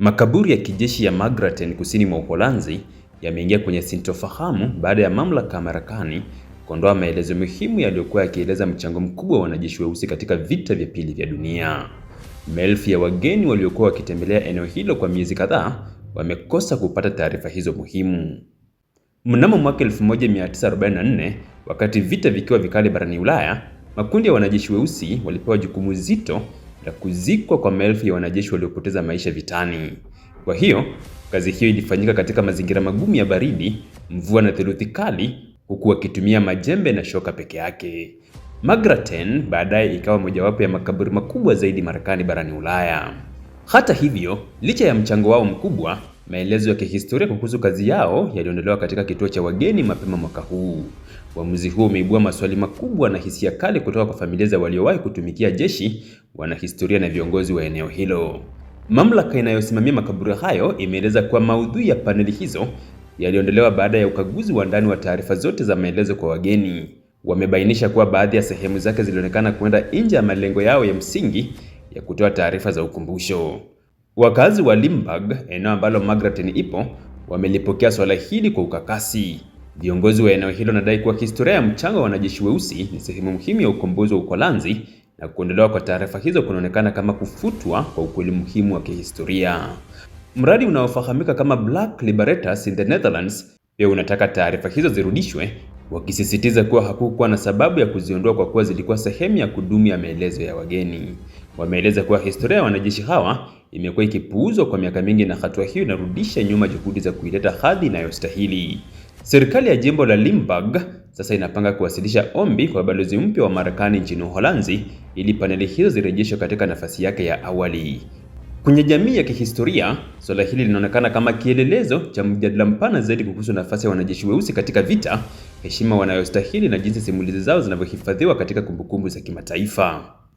Makaburi ya kijeshi ya Margraten kusini mwa Uholanzi yameingia kwenye sintofahamu baada ya mamlaka ya Marekani kuondoa maelezo muhimu yaliyokuwa yakieleza mchango mkubwa wa wanajeshi weusi katika vita vya pili vya dunia. Maelfu ya wageni waliokuwa wakitembelea eneo hilo kwa miezi kadhaa wamekosa kupata taarifa hizo muhimu. Mnamo mwaka 1944 wakati vita vikiwa vikali barani Ulaya, makundi ya wanajeshi weusi walipewa jukumu zito la kuzikwa kwa maelfu ya wanajeshi waliopoteza maisha vitani. Kwa hiyo kazi hiyo ilifanyika katika mazingira magumu ya baridi, mvua na theluthi kali, huku wakitumia majembe na shoka peke yake. Magraten baadaye ikawa mojawapo ya makaburi makubwa zaidi Marekani barani Ulaya. Hata hivyo, licha ya mchango wao mkubwa, maelezo ya kihistoria kuhusu kazi yao yaliondolewa katika kituo cha wageni mapema mwaka huu. Uamuzi huo umeibua maswali makubwa na hisia kali kutoka kwa familia za waliowahi kutumikia jeshi, wanahistoria na viongozi wa eneo hilo. Mamlaka inayosimamia makaburi hayo imeeleza kuwa maudhui ya paneli hizo yaliondolewa baada ya ukaguzi wa ndani wa taarifa zote za maelezo kwa wageni. Wamebainisha kuwa baadhi ya sehemu zake zilionekana kwenda nje ya malengo yao ya msingi ya kutoa taarifa za ukumbusho. Wakazi wa Limburg, eneo ambalo Margaret ipo, wamelipokea swala hili kwa ukakasi. Viongozi wa eneo hilo wanadai kuwa historia ya mchango wa wanajeshi weusi ni sehemu muhimu ya ukombozi wa Uholanzi na kuondolewa kwa taarifa hizo kunaonekana kama kufutwa kwa ukweli muhimu wa kihistoria. Mradi unaofahamika kama Black Liberators in the Netherlands pia unataka taarifa hizo zirudishwe, wakisisitiza kuwa hakukuwa na sababu ya kuziondoa kwa kuwa zilikuwa sehemu ya kudumu ya maelezo ya wageni. Wameeleza kuwa historia ya wanajeshi hawa imekuwa ikipuuzwa kwa miaka mingi na hatua hiyo inarudisha nyuma juhudi za kuileta hadhi inayostahili. Serikali ya jimbo la Limburg sasa inapanga kuwasilisha ombi kwa balozi mpya wa Marekani nchini Uholanzi ili paneli hizo zirejeshwe katika nafasi yake ya awali. Kwenye jamii ya kihistoria, suala hili linaonekana kama kielelezo cha mjadala mpana zaidi kuhusu nafasi ya wanajeshi weusi katika vita, heshima wanayostahili na jinsi simulizi zao zinavyohifadhiwa katika kumbukumbu za kimataifa.